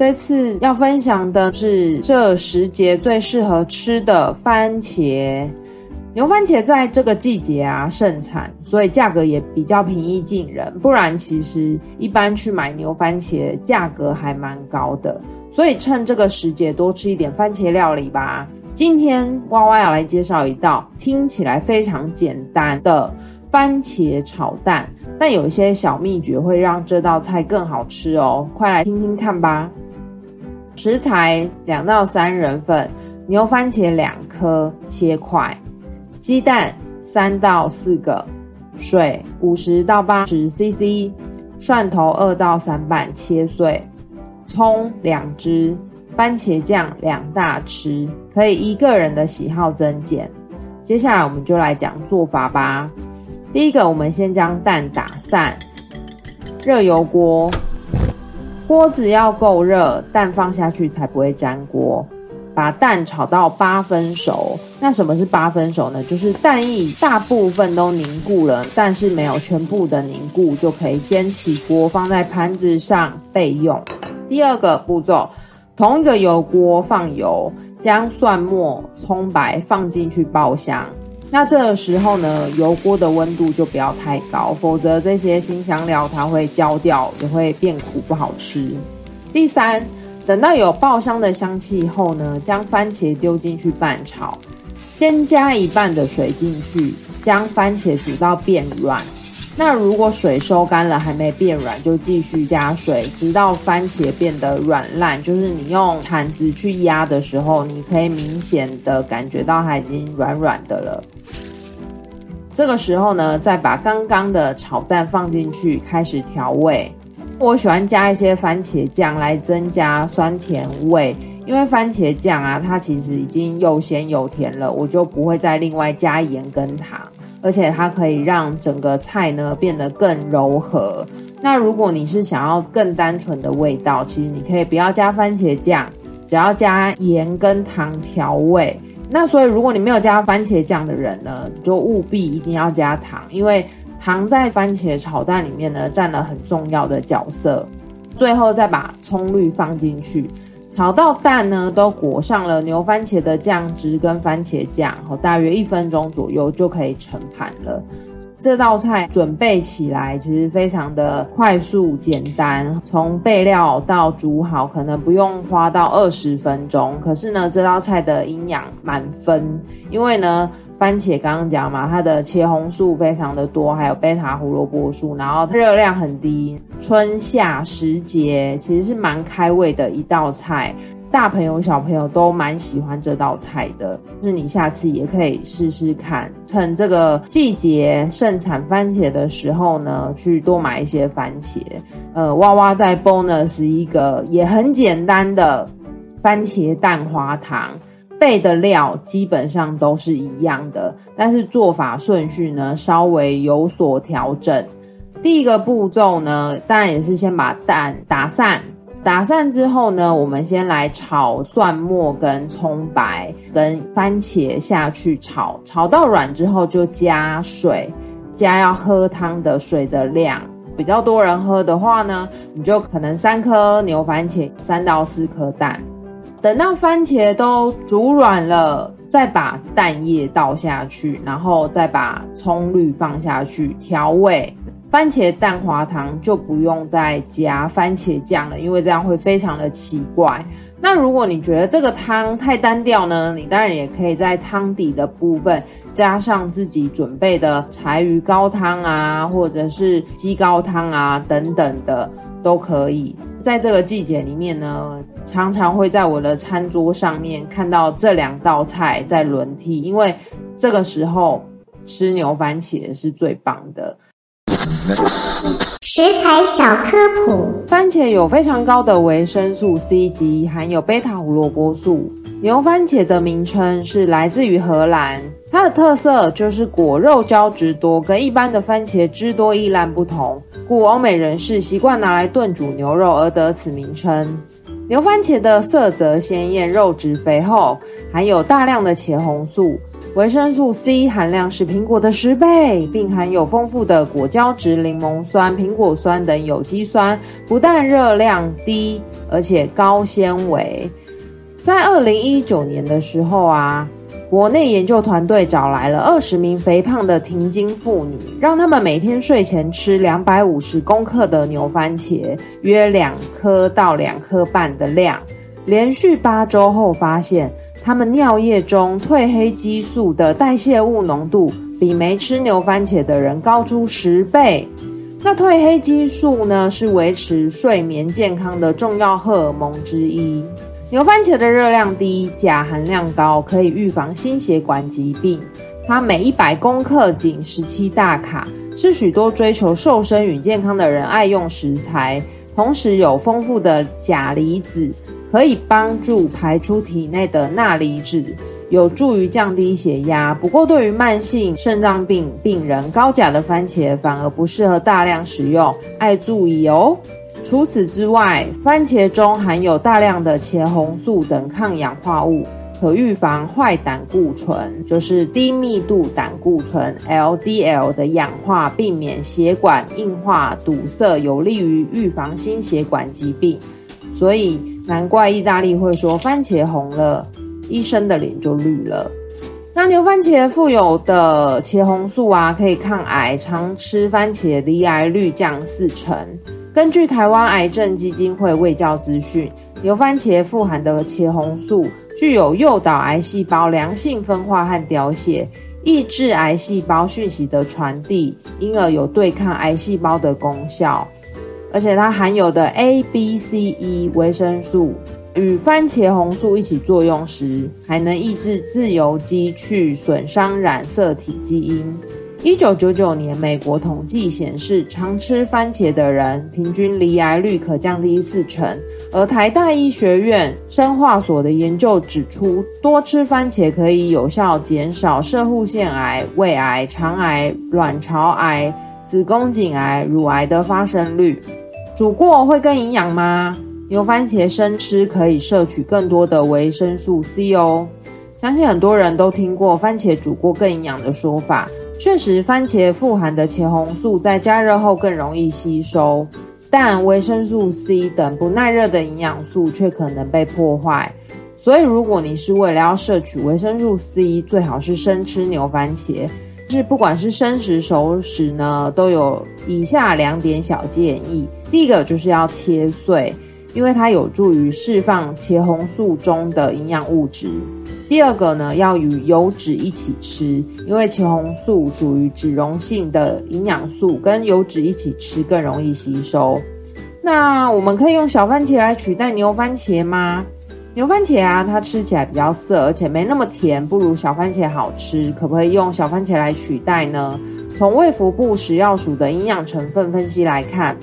這次要分享的是這時節最適合吃的番茄。牛番茄在這個季節啊盛產，所以價格也比較平易近人。不然其實一般去買牛番茄，價格還蠻高的。所以趁這個時節多吃一點番茄料理吧。今天蛙蛙要來介紹一道聽起來非常簡單的番茄炒蛋，但有一些小秘訣會讓這道菜更好吃哦。快來聽聽看吧。食材兩到三人份，牛番茄兩顆切塊，雞蛋三到四個，水五十到八十 CC，蒜頭二到三瓣切碎，蔥兩支，番茄醬兩大匙，可以依個人的喜好增減。接下來我們就來講做法吧。第一個，我們先將蛋打散，熱油鍋。鍋子要夠熱，蛋放下去才不會沾鍋。把蛋炒到八分熟，那什麼是八分熟呢？就是蛋液大部分都凝固了，但是沒有全部的凝固，就可以先起鍋，放在盤子上備用。第二個步驟，同一個油鍋放油，將蒜末、蔥白放進去爆香。那這個時候呢，油鍋的溫度就不要太高，否則這些辛香料它會焦掉，也會變苦，不好吃。第三，等到有爆香的香氣後呢，將番茄丟進去拌炒，先加一半的水進去，將番茄煮到變軟。那如果水收乾了還沒變軟，就繼續加水，直到番茄變得軟爛，就是你用鏟子去壓的時候，你可以明顯的感覺到它已經軟軟的了。這個時候呢，再把剛剛的炒蛋放進去，開始調味。我喜歡加一些番茄醬來增加酸甜味，因為番茄醬啊，它其實已經又鹹又甜了，我就不會再另外加鹽跟糖，而且它可以讓整個菜呢變得更柔和。那如果你是想要更單純的味道，其實你可以不要加番茄醬，只要加鹽跟糖調味。那所以，如果你沒有加番茄醬的人呢，你就務必一定要加糖，因為糖在番茄炒蛋裡面呢占了很重要的角色。最後再把蔥綠放進去，炒到蛋呢都裹上了牛番茄的醬汁跟番茄醬，大約一分鐘左右就可以盛盤了。這道菜準備起來其實非常的快速簡單，從備料到煮好可能不用花到二十分鐘。可是呢，這道菜的營養滿分，因為呢，番茄剛剛講嘛，它的茄紅素非常的多，還有貝塔胡蘿蔔素，然後它熱量很低。春夏時節其實是蠻開胃的一道菜。大朋友、小朋友都蠻喜歡這道菜的，就是你下次也可以試試看，趁這個季節盛產番茄的時候呢，去多買一些番茄。呃，哇哇再 bonus 一個也很簡單的番茄蛋花湯，備的料基本上都是一樣的，但是做法順序呢稍微有所調整。第一個步驟呢，當然也是先把蛋打散。打散之後呢，我們先來炒蒜末、跟蔥白、跟番茄下去炒，炒到軟之後就加水，加要喝湯的水的量。比較多人喝的話呢，你就可能三顆牛番茄，三到四顆蛋。等到番茄都煮軟了，再把蛋液倒下去，然後再把蔥綠放下去調味。番茄蛋花湯就不用再加番茄醬了，因為這樣會非常的奇怪。那如果你覺得這個湯太單調呢，你當然也可以在湯底的部分加上自己準備的柴魚高湯啊，或者是雞高湯啊等等的，都可以。在這個季節裡面呢，常常會在我的餐桌上面看到這兩道菜在輪替，因為這個時候吃牛番茄是最棒的。食材 小科普：番茄有非常高的維生素 C 及含有貝塔胡蘿蔔素。牛番茄的名稱是來自於荷蘭，它的特色就是果肉膠質多，跟一般的番茄汁多易爛不同，故歐美人士習慣拿來燉煮牛肉而得此名稱。牛番茄的色澤鮮豔，肉質肥厚，含有大量的茄紅素。維生素 C 含量是蘋果的十倍，並含有豐富的果膠質、檸檬酸、蘋果酸等有機酸，不但熱量低，而且高纖維。在二零一九年的時候啊，國內研究團隊找來了二十名肥胖的停經婦女，讓他們每天睡前吃兩百五十公克的牛番茄，約兩顆到兩顆半的量，連續八周後發現。他們尿液中褪黑激素的代謝物濃度比沒吃牛番茄的人高出十倍。那褪黑激素呢，是維持睡眠健康的重要荷爾蒙之一。牛番茄的熱量低，鉀含量高，可以預防心血管疾病。它每一百公克僅十七大卡，是許多追求瘦身與健康的人愛用食材，同時有豐富的鉀離子。可以幫助排出體內的鈉離子，有助於降低血壓。不過，對於慢性腎臟病病人，高鉀的番茄反而不適合大量食用，愛注意哦。除此之外，番茄中含有大量的茄紅素等抗氧化物，可預防壞膽固醇，就是低密度膽固醇 （LDL） 的氧化，避免血管硬化堵塞，有利於預防心血管疾病。所以。難怪意大利會說番茄紅了，醫生的臉就綠了。那牛番茄富有的茄紅素啊，可以抗癌，常吃番茄，罹癌率降四成。根據台灣癌症基金會衛教資訊，牛番茄富含的茄紅素，具有誘導癌細胞良性分化和凋謝，抑制癌細胞訊息的傳遞，因而有對抗癌細胞的功效。而且它含有的 A、B、C、E 維生素與番茄紅素一起作用時，還能抑制自由基去損傷染色體基因。一九九九年，美國統計顯示，常吃番茄的人平均罹癌率可降低四成。而台大醫學院生化所的研究指出，多吃番茄可以有效減少攝護腺癌、胃癌、腸癌、卵巢癌，子宮頸癌、乳癌的發生率，煮過會更營養嗎？牛番茄生吃可以攝取更多的維生素 C 哦。相信很多人都聽過番茄煮過更營養的說法，確實，番茄富含的茄紅素在加熱後更容易吸收，但維生素 C 等不耐熱的營養素卻可能被破壞。所以，如果你是為了要攝取維生素 C，最好是生吃牛番茄。但是，不管是生食、熟食呢，都有以下兩點小建議。第一個就是要切碎，因為它有助於釋放茄紅素中的營養物質。第二個呢，要與油脂一起吃，因為茄紅素屬於脂溶性的營養素，跟油脂一起吃更容易吸收。那我們可以用小番茄來取代牛番茄嗎？牛番茄啊，它吃起來比較澀，而且沒那麼甜，不如小番茄好吃，可不可以用小番茄來取代呢？從衛福部食藥署的營養成分分析來看，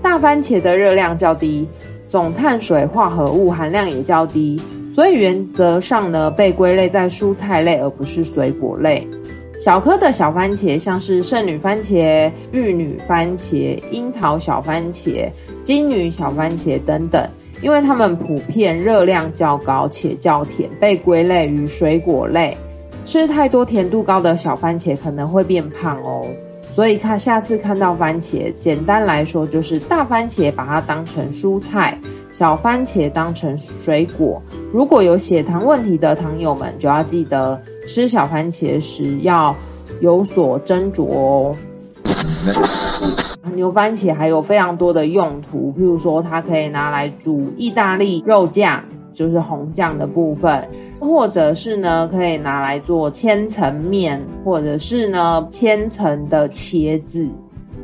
大番茄的熱量較低，總碳水化合物含量也較低，所以原則上呢，被歸類在蔬菜類而不是水果類。小顆的小番茄，像是聖女番茄、玉女番茄、櫻桃小番茄、金女小番茄等等。因為它們普遍熱量較高且較甜，被歸類於水果類。吃太多甜度高的小番茄可能會變胖哦。所以看下次看到番茄，簡單來說就是大番茄把它當成蔬菜，小番茄當成水果。如果有血糖問題的糖友們，就要記得吃小番茄時要有所斟酌哦。嗯那個嗯牛番茄還有非常多的用途，譬如說它可以拿來煮意大利肉醬，就是紅醬的部分；或者是呢，可以拿來做千層麵，或者是呢千層的茄子。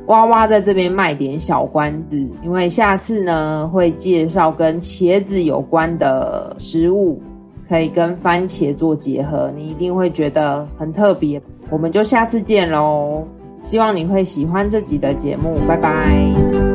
哇哇在這邊賣點小關子，因為下次呢會介紹跟茄子有關的食物，可以跟番茄做結合，你一定會覺得很特別。我們就下次見嘍。希望你會喜歡這集的節目，拜拜。